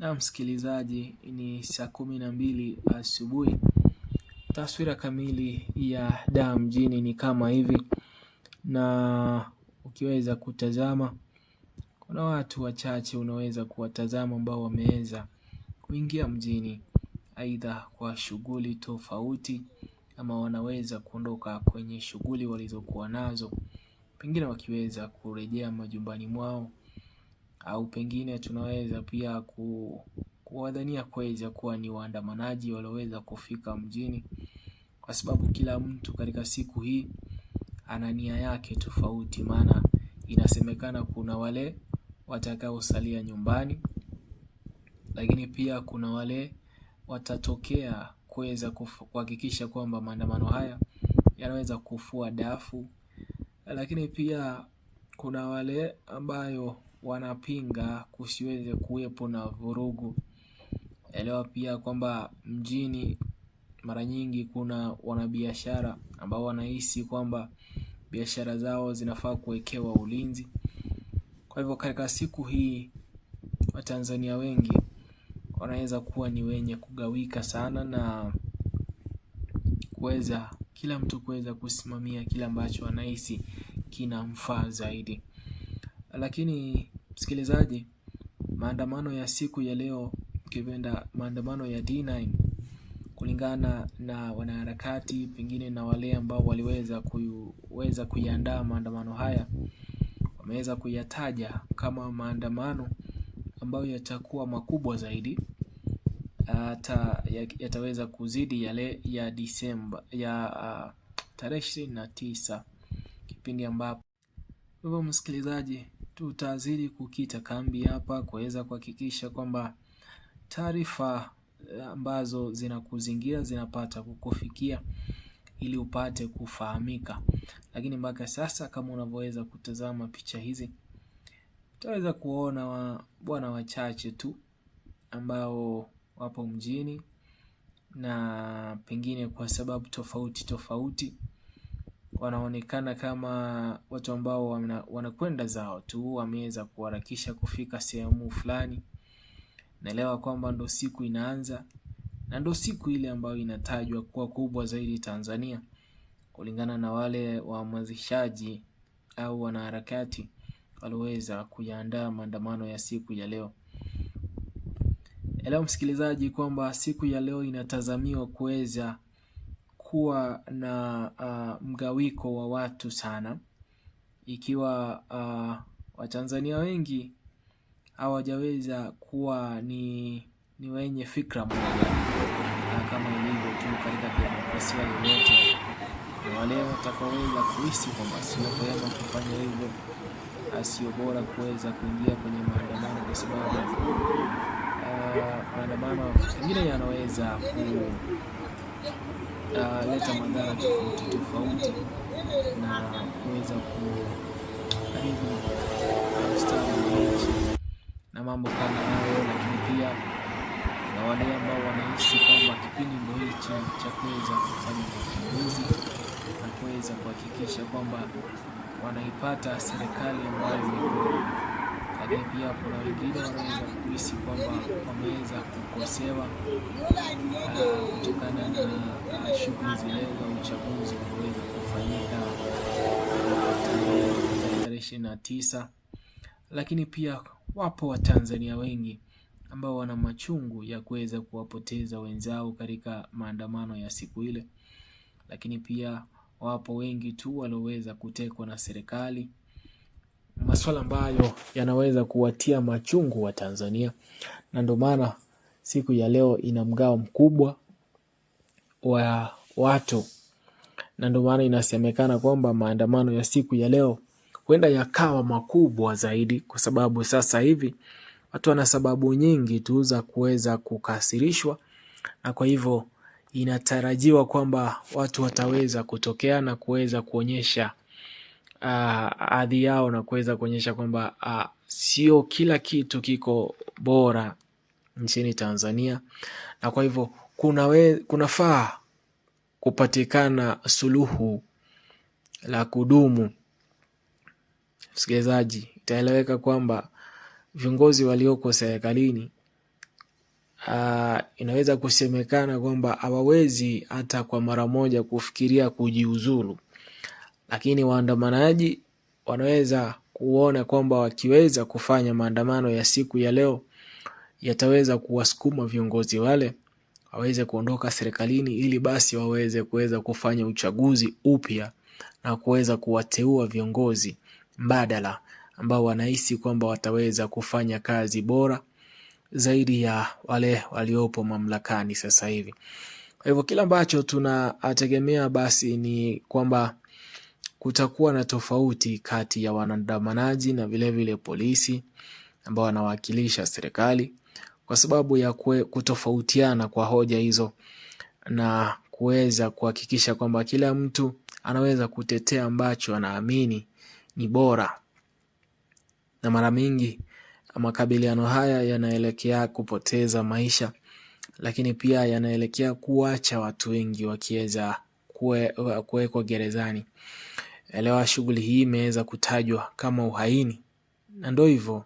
Na msikilizaji, ni saa kumi na mbili asubuhi. Taswira kamili ya daa mjini ni kama hivi, na ukiweza kutazama, kuna watu wachache unaweza kuwatazama ambao wameweza kuingia mjini, aidha kwa shughuli tofauti, ama wanaweza kuondoka kwenye shughuli walizokuwa nazo, pengine wakiweza kurejea majumbani mwao au pengine tunaweza pia ku, kuwadhania kweza kuwa ni waandamanaji walioweza kufika mjini, kwa sababu kila mtu katika siku hii ana nia yake tofauti. Maana inasemekana kuna wale watakaosalia nyumbani, lakini pia kuna wale watatokea kuweza kuhakikisha kwamba maandamano haya yanaweza kufua dafu, lakini pia kuna wale ambayo wanapinga kusiweze kuwepo na vurugu. Elewa pia kwamba mjini mara nyingi kuna wanabiashara ambao wanahisi kwamba biashara zao zinafaa kuwekewa ulinzi. Kwa hivyo katika siku hii Watanzania wengi wanaweza kuwa ni wenye kugawika sana na kuweza kila mtu kuweza kusimamia kile ambacho anahisi kinamfaa zaidi. Lakini msikilizaji, maandamano ya siku ya leo, ukipenda maandamano ya D9, kulingana na wanaharakati pengine na wale ambao waliweza kuweza kuiandaa maandamano haya, wameweza kuyataja kama maandamano ambayo yatakuwa makubwa zaidi hata yataweza kuzidi yale ya Disemba ya uh, tarehe ishirini na tisa kipindi ambapo hivyo msikilizaji tutazidi kukita kambi hapa kuweza kuhakikisha kwamba taarifa eh, ambazo zinakuzingira zinapata kukufikia ili upate kufahamika. Lakini mpaka sasa kama unavyoweza kutazama picha hizi, utaweza kuona wa, bwana wachache tu ambao wapo mjini na pengine kwa sababu tofauti tofauti wanaonekana kama watu ambao wanakwenda zao tu, wameweza kuharakisha kufika sehemu fulani. Naelewa kwamba ndo siku inaanza na ndo siku ile ambayo inatajwa kuwa kubwa zaidi Tanzania, kulingana na wale wahamasishaji au wanaharakati walioweza kuyaandaa maandamano ya siku ya leo. Elewa msikilizaji, kwamba siku ya leo inatazamiwa kuweza kuwa na uh, mgawiko wa watu sana, ikiwa uh, Watanzania wengi hawajaweza kuwa ni, ni wenye fikra moja kama ilivyo tu katika demokrasia yoyote. Wale watakaweza kuhisi kwamba sio kufanya hivyo, asio bora kuweza kuingia kwenye maandamano kwa sababu uh, maandamano pengine yanaweza ku italeta madhara tofauti tofauti na kuweza kuharibu na mambo kama hayo, lakini pia na wale ambao wanahisi kwamba kipindi ndio hicho cha kuweza kufanya mapinduzi na kuweza kuhakikisha kwamba wanaipata serikali ambayo lakini pia kuna wengine wanaweza kuhisi kwamba wameweza kukosewa uh, kutokana na uh, shughuli zile za uchaguzi kuweza kufanyika tarehe 29, tisa, lakini pia wapo Watanzania wengi ambao wana machungu ya kuweza kuwapoteza wenzao katika maandamano ya siku ile, lakini pia wapo wengi tu walioweza kutekwa na serikali masuala ambayo yanaweza kuwatia machungu wa Tanzania, na ndio maana siku ya leo ina mgao mkubwa wa watu, na ndio maana inasemekana kwamba maandamano ya siku ya leo huenda yakawa makubwa zaidi, kwa sababu sasa hivi watu wana sababu nyingi tu za kuweza kukasirishwa, na kwa hivyo inatarajiwa kwamba watu wataweza kutokea na kuweza kuonyesha Ah, adhi yao na kuweza kuonyesha kwamba ah, sio kila kitu kiko bora nchini Tanzania, na kwa hivyo kunawe, kunafaa kupatikana suluhu la kudumu. Msikilizaji, itaeleweka kwamba viongozi walioko serikalini Uh, inaweza kusemekana kwamba hawawezi hata kwa mara moja kufikiria kujiuzulu lakini waandamanaji wanaweza kuona kwamba wakiweza kufanya maandamano ya siku ya leo yataweza kuwasukuma viongozi wale waweze kuondoka serikalini, ili basi waweze kuweza kufanya uchaguzi upya na kuweza kuwateua viongozi mbadala ambao wanahisi kwamba wataweza kufanya kazi bora zaidi ya wale waliopo mamlakani sasa hivi. Kwa hivyo kila ambacho tunategemea basi ni kwamba kutakuwa na tofauti kati ya waandamanaji na vilevile polisi ambao wanawakilisha serikali kwa sababu ya kwe, kutofautiana kwa hoja hizo na kuweza kuhakikisha kwamba kila mtu anaweza kutetea ambacho anaamini ni bora, na mara mingi makabiliano haya yanaelekea kupoteza maisha, lakini pia yanaelekea kuacha watu wengi wakiweza kuwekwa gerezani elewa, shughuli hii imeweza kutajwa kama uhaini, na ndo hivyo